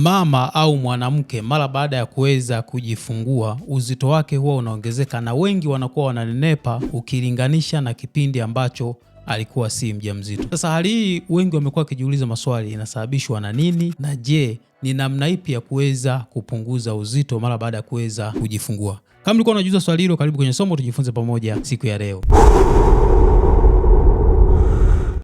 Mama au mwanamke mara baada ya kuweza kujifungua uzito wake huwa unaongezeka na wengi wanakuwa wananenepa ukilinganisha na kipindi ambacho alikuwa si mjamzito. Sasa hali hii wengi wamekuwa wakijiuliza maswali, inasababishwa na nini, na je, ni namna ipi ya kuweza kupunguza uzito mara baada ya kuweza kujifungua? Kama ulikuwa unajiuliza swali hilo, karibu kwenye somo tujifunze pamoja siku ya leo.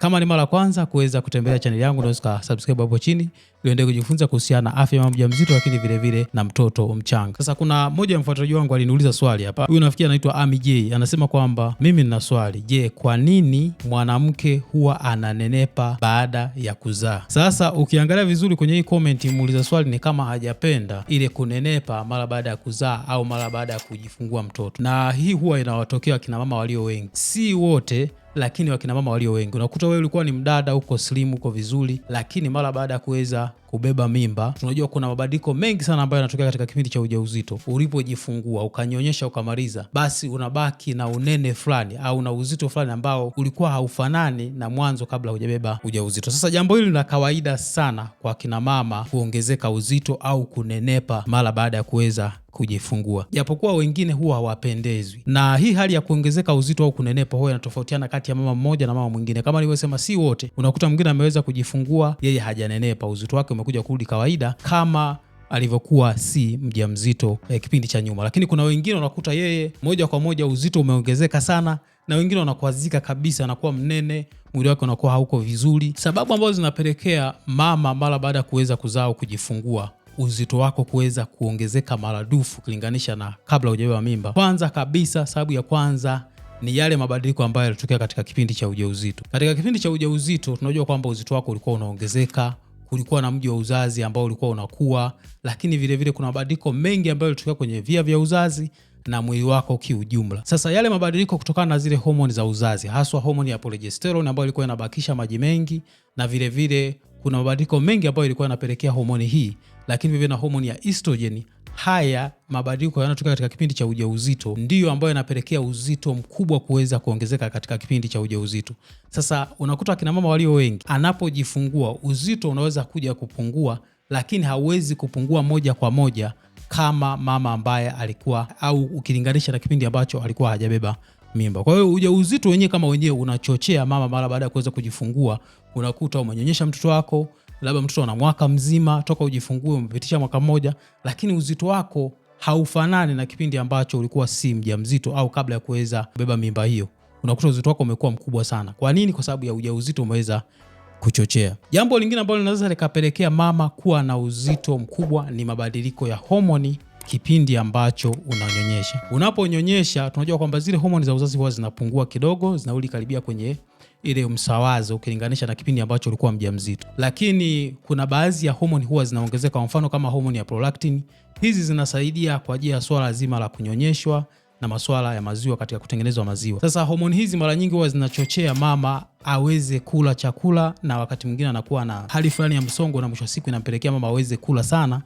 Kama ni mara kwanza kuweza kutembelea chaneli yangu, unaweza kusubscribe hapo chini ili kujifunza kuhusiana na afya ya mjamzito, lakini vile vile na mtoto mchanga. Sasa kuna mmoja ya mfuatiliaji wangu aliniuliza swali hapa, huyu nafikiri anaitwa Ami J, anasema kwamba mimi nina swali. Je, kwa nini mwanamke huwa ananenepa baada ya kuzaa? Sasa ukiangalia vizuri kwenye hii comment, muuliza swali ni kama hajapenda ile kunenepa mara baada ya kuzaa au mara baada ya kujifungua mtoto, na hii huwa inawatokea kina mama walio wengi, si wote lakini wakinamama walio wengi unakuta wewe ulikuwa ni mdada, uko slim, uko vizuri, lakini mara baada ya kuweza kubeba mimba. Tunajua kuna mabadiliko mengi sana ambayo yanatokea katika kipindi cha ujauzito. Ulipojifungua ukanyonyesha ukamaliza, basi unabaki na unene fulani au na uzito fulani ambao ulikuwa haufanani na mwanzo kabla hujabeba ujauzito. Sasa jambo hili la kawaida sana kwa kina mama kuongezeka uzito au kunenepa mara baada ya kuweza kujifungua japokuwa wengine huwa hawapendezwi na hii. Hali ya kuongezeka uzito au kunenepa huwa inatofautiana kati ya mama mmoja na mama mwingine. Kama nilivyosema, si wote. Unakuta mwingine ameweza kujifungua, yeye hajanenepa, uzito wake amekuja kurudi kawaida kama alivyokuwa si mzito eh, kipindi cha nyuma. Lakini kuna wengine unakuta yeye moja kwa moja uzito umeongezeka sana, na wengine wanakuazika kabisa, anakuwa mnene, mwili wake unakuwa hauko vizuri. Sababu ambazo zinapelekea mama mara baada ya kuweza kuzaa au kujifungua uzito wako kuweza kuongezeka maradufu ukilinganisha na kabla hujabeba mimba. Kwanza kabisa, sababu ya kwanza ni yale mabadiliko ambayo yalitokea katika kipindi cha ujauzito. Katika kipindi cha ujauzito tunajua kwamba uzito wako ulikuwa unaongezeka kulikuwa na mji wa uzazi ambao ulikuwa unakuwa, lakini vilevile vile kuna mabadiliko mengi ambayo yalitokea kwenye via vya uzazi na mwili wako kiujumla. Sasa yale mabadiliko kutokana na zile homoni za uzazi, haswa homoni ya progesterone ambayo ilikuwa inabakisha maji mengi, na vilevile vile kuna mabadiliko mengi ambayo ilikuwa inapelekea homoni hii, lakini vile na homoni ya estrogen haya mabadiliko yanayotokea katika kipindi cha ujauzito ndiyo ambayo yanapelekea uzito mkubwa kuweza kuongezeka katika kipindi cha ujauzito. Sasa unakuta akina mama walio wengi, anapojifungua uzito unaweza kuja kupungua, lakini hauwezi kupungua moja kwa moja kama mama ambaye alikuwa au ukilinganisha na kipindi ambacho alikuwa hajabeba mimba. Kwa hiyo ujauzito wenyewe kama wenyewe unachochea mama mara baada ya kuweza kujifungua, unakuta umenyonyesha mtoto wako labda mtoto ana mwaka mzima toka ujifungue, umepitisha mwaka mmoja, lakini uzito wako haufanani na kipindi ambacho ulikuwa si mjamzito au kabla ya kuweza kubeba mimba hiyo. Unakuta uzito wako umekuwa mkubwa sana. Kwa nini? Kwa sababu ya ujauzito umeweza kuchochea. Jambo lingine ambalo linaweza likapelekea mama kuwa na uzito mkubwa ni mabadiliko ya homoni kipindi ambacho unanyonyesha. Unaponyonyesha tunajua kwamba zile homoni za uzazi huwa zinapungua kidogo, zinarudi karibia kwenye ile msawazo ukilinganisha na kipindi ambacho ulikuwa mjamzito. Lakini kuna baadhi ya homoni huwa zinaongezeka, kwa mfano kama homoni ya prolactin. Hizi zinasaidia kwa ajili ya swala zima la kunyonyeshwa na masuala ya maziwa katika kutengenezwa maziwa. Sasa homoni hizi mara nyingi huwa zinachochea mama aweze kula chakula na wakati mwingine anakuwa na hali fulani ya msongo, na mwisho wa siku inampelekea mama aweze kula sana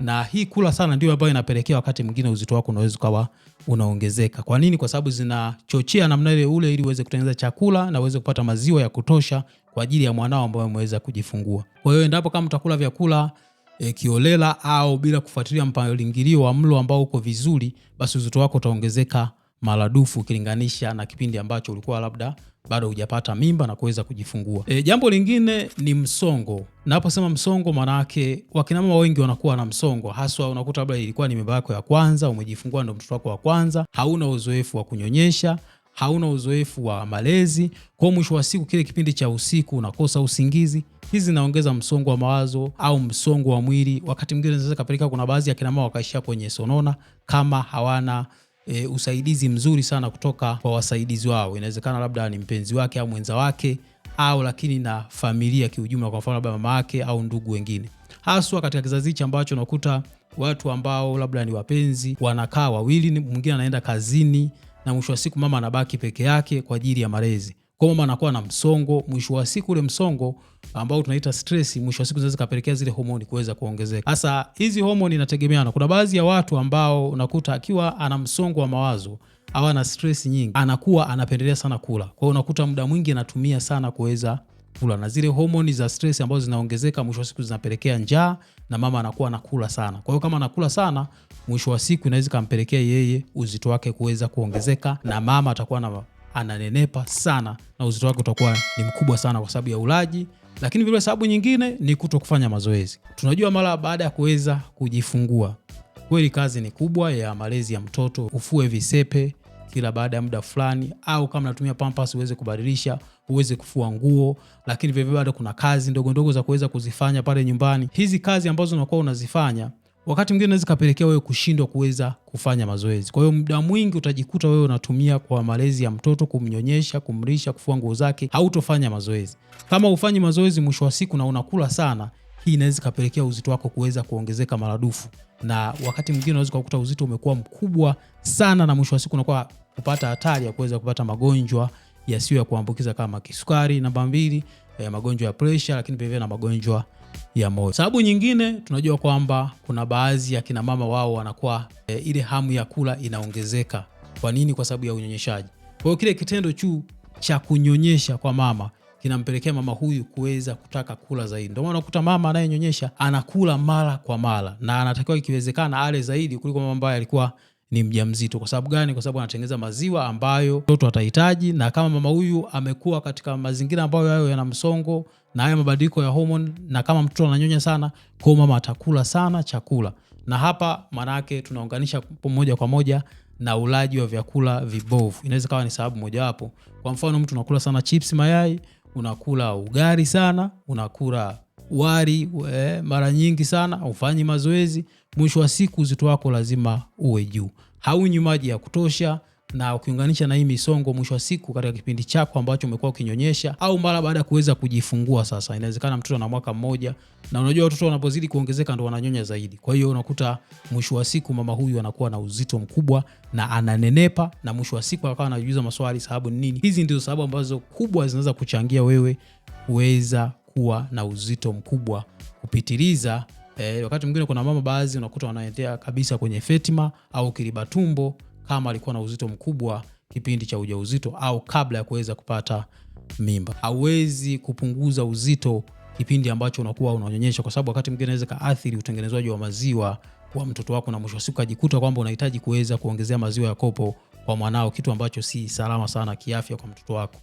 na hii kula sana ndio ambayo inapelekea wakati mwingine uzito wako unaweza ukawa unaongezeka. Kwa nini? Kwa sababu zinachochea namna ile ule, ili uweze kutengeneza chakula na uweze kupata maziwa ya kutosha kwa ajili ya mwanao ambaye ameweza kujifungua. Kwa hiyo endapo kama utakula vyakula e, kiolela au bila kufuatilia mpangilio wa mlo ambao uko vizuri, basi uzito wako utaongezeka maradufu ukilinganisha na kipindi ambacho ulikuwa labda bado hujapata mimba na kuweza kujifungua. E, jambo lingine ni msongo. Naposema msongo, maanake wakinamama wengi wanakuwa na msongo, haswa unakuta labda ilikuwa ni mimba yako ya kwanza, umejifungua ndo mtoto wako wa kwanza, hauna uzoefu wa kunyonyesha hauna uzoefu wa malezi. Kwa mwisho wa siku, kile kipindi cha usiku unakosa usingizi. Hizi zinaongeza msongo wa mawazo au msongo wa mwili. Wakati mwingine zinaweza kapeleka, kuna baadhi ya mama wakaishia kwenye sonona kama hawana e, usaidizi mzuri sana kutoka kwa wasaidizi wao. Inawezekana labda ni mpenzi wake au mwenza wake au lakini na familia kiujumla, kwa mfano labda mama yake au ndugu wengine, haswa katika kizazi hichi ambacho unakuta watu ambao labda ni wapenzi wanakaa wawili, mwingine anaenda kazini na mwisho wa siku mama anabaki peke yake kwa ajili ya malezi kwa mama anakuwa na msongo. Mwisho wa siku ule msongo ambao tunaita stress, mwisho wa siku zinaweza kapelekea zile homoni kuweza kuongezeka. Sasa hizi homoni inategemeana. Kuna baadhi ya watu ambao unakuta akiwa ana msongo wa mawazo au ana stress nyingi, anakuwa anapendelea sana kula, kwa hiyo unakuta muda mwingi anatumia sana kuweza kula na zile homoni za stress ambazo zinaongezeka, mwisho wa siku zinapelekea njaa na mama anakuwa anakula sana. Kwa hiyo kama anakula sana, mwisho wa siku inaweza kampelekea yeye uzito wake kuweza kuongezeka na mama atakuwa na ananenepa sana na uzito wake utakuwa ni mkubwa sana kwa sababu ya ulaji, lakini vile sababu nyingine ni kuto kufanya mazoezi. Tunajua mara baada ya kuweza kujifungua, kweli kazi ni kubwa ya malezi ya mtoto, ufue visepe kila baada ya muda fulani, au kama natumia pampas uweze kubadilisha, uweze kufua nguo, lakini vilevile bado kuna kazi ndogo ndogo za kuweza kuzifanya pale nyumbani. Hizi kazi ambazo unakuwa unazifanya wakati mwingine unaweza kapelekea wewe kushindwa kuweza kufanya mazoezi. Kwa hiyo muda mwingi utajikuta wewe unatumia kwa malezi ya mtoto, kumnyonyesha, kumlisha, kufua nguo zake, hautofanya mazoezi. Kama ufanyi mazoezi, mwisho wa siku na unakula sana, hii inaweza kapelekea uzito wako kuweza kuongezeka maradufu, na wakati mwingine unaweza kukuta uzito umekuwa mkubwa sana, na mwisho wa siku unakuwa kupata hatari ya kuweza kupata magonjwa yasiyo ya kuambukiza kama kisukari namba mbili, eh, magonjwa ya presha, lakini pia na magonjwa ya moyo. Sababu nyingine tunajua kwamba kuna baadhi ya kina mama wao wanakuwa e, ile hamu ya kula inaongezeka. Kwa nini? Kwa sababu ya unyonyeshaji. Kwa hiyo kile kitendo chu cha kunyonyesha kwa mama kinampelekea mama huyu kuweza kutaka kula zaidi. Ndio maana unakuta mama anayenyonyesha anakula mara kwa mara, na anatakiwa ikiwezekana ale zaidi kuliko mama ambaye alikuwa ni mjamzito. Kwa sababu gani? Kwa sababu anatengeneza maziwa ambayo mtoto atahitaji, na kama mama huyu amekuwa katika mazingira ambayo hayo yana msongo na haya mabadiliko ya homoni, na kama mtoto ananyonya sana, kwa mama atakula sana chakula, na hapa maanake tunaunganisha moja kwa moja na ulaji wa vyakula vibovu. Inaweza kawa ni sababu mojawapo. Kwa mfano, mtu unakula sana chips, mayai, unakula ugali sana, unakula wali we, eh, mara nyingi sana, ufanyi mazoezi mwisho wa siku uzito wako lazima uwe juu. Haunywi maji ya kutosha na ukiunganisha na hii misongo, mwisho wa siku katika kipindi chako ambacho umekuwa ukinyonyesha au mara baada ya kuweza kujifungua, sasa inawezekana mtoto ana mwaka mmoja, na unajua watoto wanapozidi kuongezeka ndo wananyonya zaidi. Kwa hiyo unakuta mwisho wa siku mama huyu anakuwa na uzito mkubwa na ananenepa, na mwisho wa siku akawa anajiuliza maswali, sababu ni nini? Hizi ndizo sababu ambazo kubwa zinaweza kuchangia wewe kuweza kuwa na uzito mkubwa kupitiliza E, wakati mwingine kuna mama baadhi unakuta wanaendea kabisa kwenye Fetima au kiriba tumbo kama alikuwa na uzito mkubwa kipindi cha ujauzito au kabla ya kuweza kupata mimba. Hawezi kupunguza uzito kipindi ambacho unakuwa unanyonyesha, kwa sababu wakati mwingine inaweza kaathiri utengenezwaji wa maziwa wa mtoto wako, na mwisho wa siku ajikuta kwamba unahitaji kuweza kuongezea maziwa ya kopo kwa mwanao, kitu ambacho si salama sana kiafya kwa mtoto wako.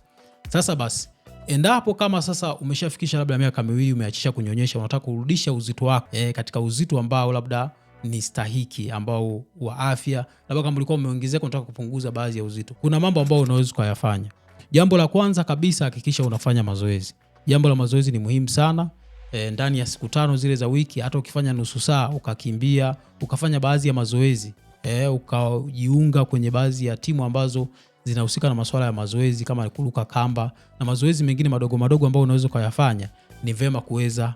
Sasa basi Endapo kama sasa umeshafikisha labda miaka miwili umeachisha kunyonyesha, unataka kurudisha uzito wako e, katika uzito ambao labda ni stahiki ambao wa afya, labda kama ulikuwa umeongezeka, unataka kupunguza baadhi ya uzito, kuna mambo ambayo unaweza kuyafanya. Jambo la kwanza kabisa, hakikisha unafanya mazoezi. Jambo la mazoezi ni muhimu sana. E, ndani ya siku tano zile za wiki, hata ukifanya nusu saa ukakimbia, ukafanya baadhi ya mazoezi e, ukajiunga kwenye baadhi ya timu ambazo zinahusika na masuala ya mazoezi kama kuruka kamba na mazoezi mengine madogo madogo ambayo unaweza ukayafanya, ni vema kuweza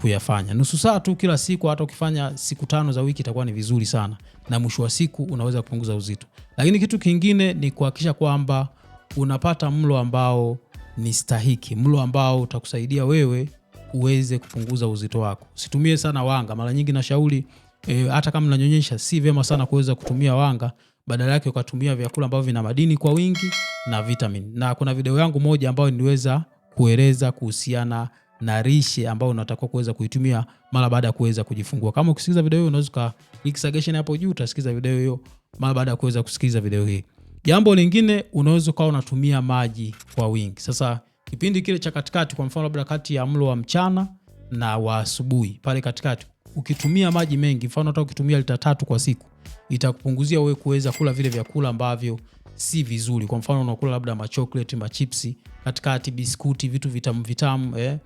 kuyafanya nusu saa tu kila siku. Hata ukifanya siku tano za wiki itakuwa ni vizuri sana, na mwisho wa siku unaweza kupunguza uzito. Lakini kitu kingine ni kuhakikisha kwamba unapata mlo ambao ni stahiki, mlo ambao utakusaidia wewe uweze kupunguza uzito wako. Usitumie sana wanga. Mara nyingi nashauri e, hata kama nanyonyesha, si vyema sana kuweza kutumia wanga badala yake ukatumia vyakula ambavyo vina madini kwa wingi na vitamin. Na kuna video yangu moja ambayo niliweza kueleza kuhusiana na lishe ambayo unatakiwa kuweza kuitumia mara baada ya kuweza kujifungua. Kama ukisikiliza video hiyo, unaweza click suggestion hapo juu, utasikiliza video hiyo mara baada ya kuweza kusikiliza video hii. Jambo lingine, unaweza ukawa unatumia maji kwa wingi. Sasa kipindi kile cha katikati, kwa mfano labda kati ya mlo wa mchana na wa asubuhi, pale katikati ukitumia maji mengi, mfano hata ukitumia lita tatu kwa siku itakupunguzia wewe kuweza kula vile vyakula ambavyo si vizuri. Kwa mfano unakula labda machokleti, machipsi katikati, biskuti, vitu vitamu vitamu eh.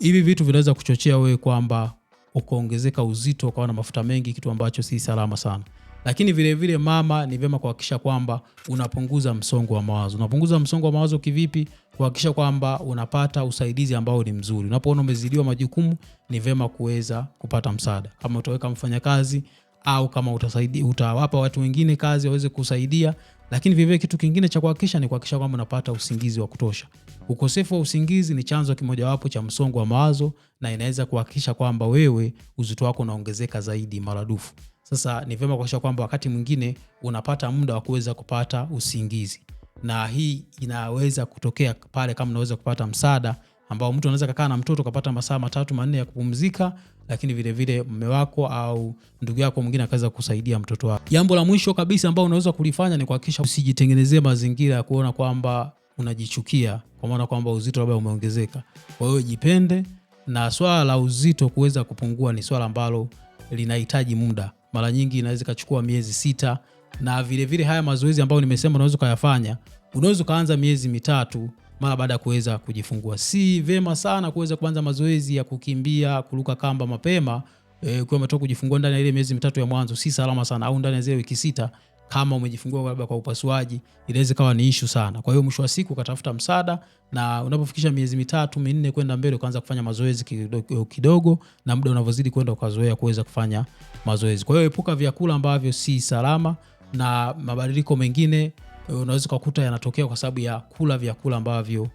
Hivi vitu vinaweza kuchochea wewe kwamba ukaongezeka uzito, ukawa na mafuta mengi, kitu ambacho si salama sana. Lakini vile vile mama, ni vyema kuhakikisha kwamba unapunguza msongo wa mawazo. Unapunguza msongo wa mawazo kivipi? Kuhakikisha kwamba unapata usaidizi ambao ni mzuri. Unapoona umezidiwa majukumu, ni vyema kuweza kupata msaada. Kama utaweka mfanyakazi au kama utasaidia utawapa watu wengine kazi waweze kusaidia. Lakini vivyo kitu kingine cha kuhakikisha ni kuhakikisha kwamba unapata usingizi wa kutosha. Ukosefu wa usingizi ni chanzo kimojawapo cha msongo wa mawazo na inaweza kuhakikisha kwamba wewe uzito wako unaongezeka zaidi maradufu. Sasa ni vyema kuhakikisha kwamba wakati mwingine unapata muda wa kuweza kupata usingizi, na hii inaweza kutokea pale kama unaweza kupata msaada ambao mtu anaweza kukaa na mtoto kapata masaa matatu manne ya kupumzika lakini vilevile mme wako au ndugu yako mwingine akaweza kusaidia mtoto wako. Jambo la mwisho kabisa ambao unaweza kulifanya ni kuhakikisha usijitengenezee mazingira ya kuona kwamba unajichukia kwa maana kwamba uzito labda umeongezeka. Kwa hiyo jipende, na swala la uzito kuweza kupungua ni swala ambalo linahitaji muda, mara nyingi inaweza ikachukua miezi sita, na vilevile vile haya mazoezi ambayo nimesema unaweza ukayafanya, unaweza ukaanza miezi mitatu mara baada ya kuweza kujifungua. Si vema sana kuweza kuanza mazoezi ya kukimbia, kuruka kamba mapema e, ukiwa umetoka kujifungua ndani ya ile miezi mitatu ya mwanzo, si salama sana, au ndani ya zile wiki sita kama umejifungua labda kwa upasuaji, inaweza kawa ni issue sana. Kwa hiyo mwisho wa siku ukatafuta msaada, na unapofikisha miezi mitatu minne kwenda mbele, ukaanza kufanya mazoezi kidogo kidogo, na muda unavyozidi kwenda ukazoea kuweza kufanya mazoezi. Kwa hiyo epuka vyakula ambavyo si salama na mabadiliko mengine unaweza ukakuta yanatokea kwa sababu ya kula vyakula ambavyo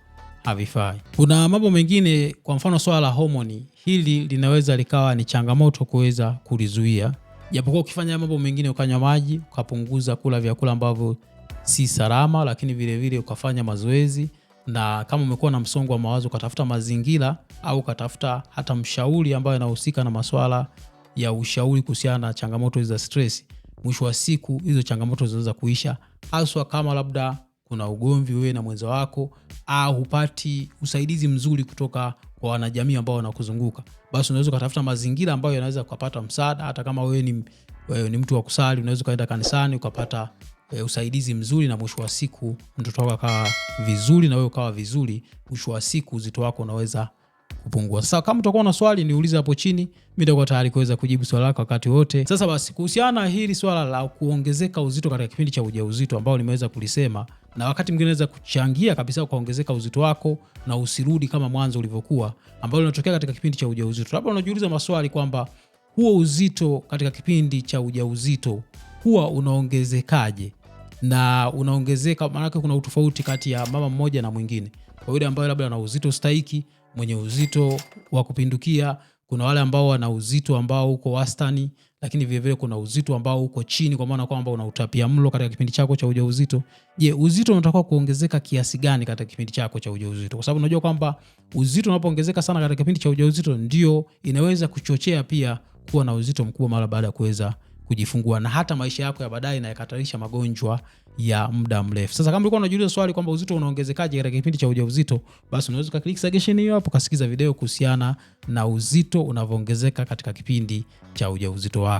havifai. Kuna mambo mengine, kwa mfano swala la homoni, hili linaweza likawa ni changamoto kuweza kulizuia, japokuwa ukifanya mambo mengine, ukanywa maji, ukapunguza kula vyakula ambavyo si salama, lakini vilevile ukafanya mazoezi na kama umekuwa na msongo wa mawazo ukatafuta mazingira au ukatafuta hata mshauri ambaye anahusika na, na masuala ya ushauri kuhusiana na changamoto za stress, mwisho wa siku hizo changamoto zinaweza kuisha, haswa kama labda kuna ugomvi wewe na mwenza wako au hupati usaidizi mzuri kutoka kwa wanajamii ambao wanakuzunguka, basi unaweza ukatafuta mazingira ambayo yanaweza ukapata msaada. Hata kama wewe ni, wewe ni mtu wa kusali, unaweza ukaenda kanisani ukapata e, usaidizi mzuri, na mwisho wa siku mtoto wako akawa vizuri na wewe ukawa vizuri. Mwisho wa siku uzito wako unaweza kupungua. Sasa kama utakuwa na swali niulize hapo chini, mimi nitakuwa tayari kuweza kujibu swali lako wakati wote. Sasa basi, kuhusiana na hili swala la kuongezeka uzito katika kipindi cha ujauzito ambao nimeweza kulisema, na wakati mwingine unaweza kuchangia kabisa kuongezeka uzito wako na usirudi kama mwanzo ulivyokuwa, ambao linatokea katika kipindi cha ujauzito. Labda unajiuliza maswali kwamba huo uzito katika kipindi cha ujauzito huwa unaongezekaje na unaongezeka maanake, kuna utofauti kati ya mama mmoja na mwingine, kwa yule ambaye labda ana uzito stahiki mwenye uzito wa kupindukia, kuna wale ambao wana uzito ambao uko wastani, lakini vilevile kuna uzito ambao uko chini, kwa maana kwamba una utapia mlo katika kipindi chako cha ujauzito. Je, uzito unatakiwa kuongezeka kiasi gani katika kipindi chako cha ujauzito? Kwa sababu unajua kwamba uzito unapoongezeka sana katika kipindi cha ujauzito, ndio inaweza kuchochea pia kuwa na uzito mkubwa mara baada ya kuweza kujifungua na hata maisha yako ya baadaye na yakatarisha magonjwa ya muda mrefu. Sasa kama ulikuwa unajiuliza swali kwamba uzito unaongezekaje katika kipindi cha ujauzito, basi unaweza ukaklik suggestion hiyo hapo ukasikiza video kuhusiana na uzito unavyoongezeka katika kipindi cha ujauzito wako.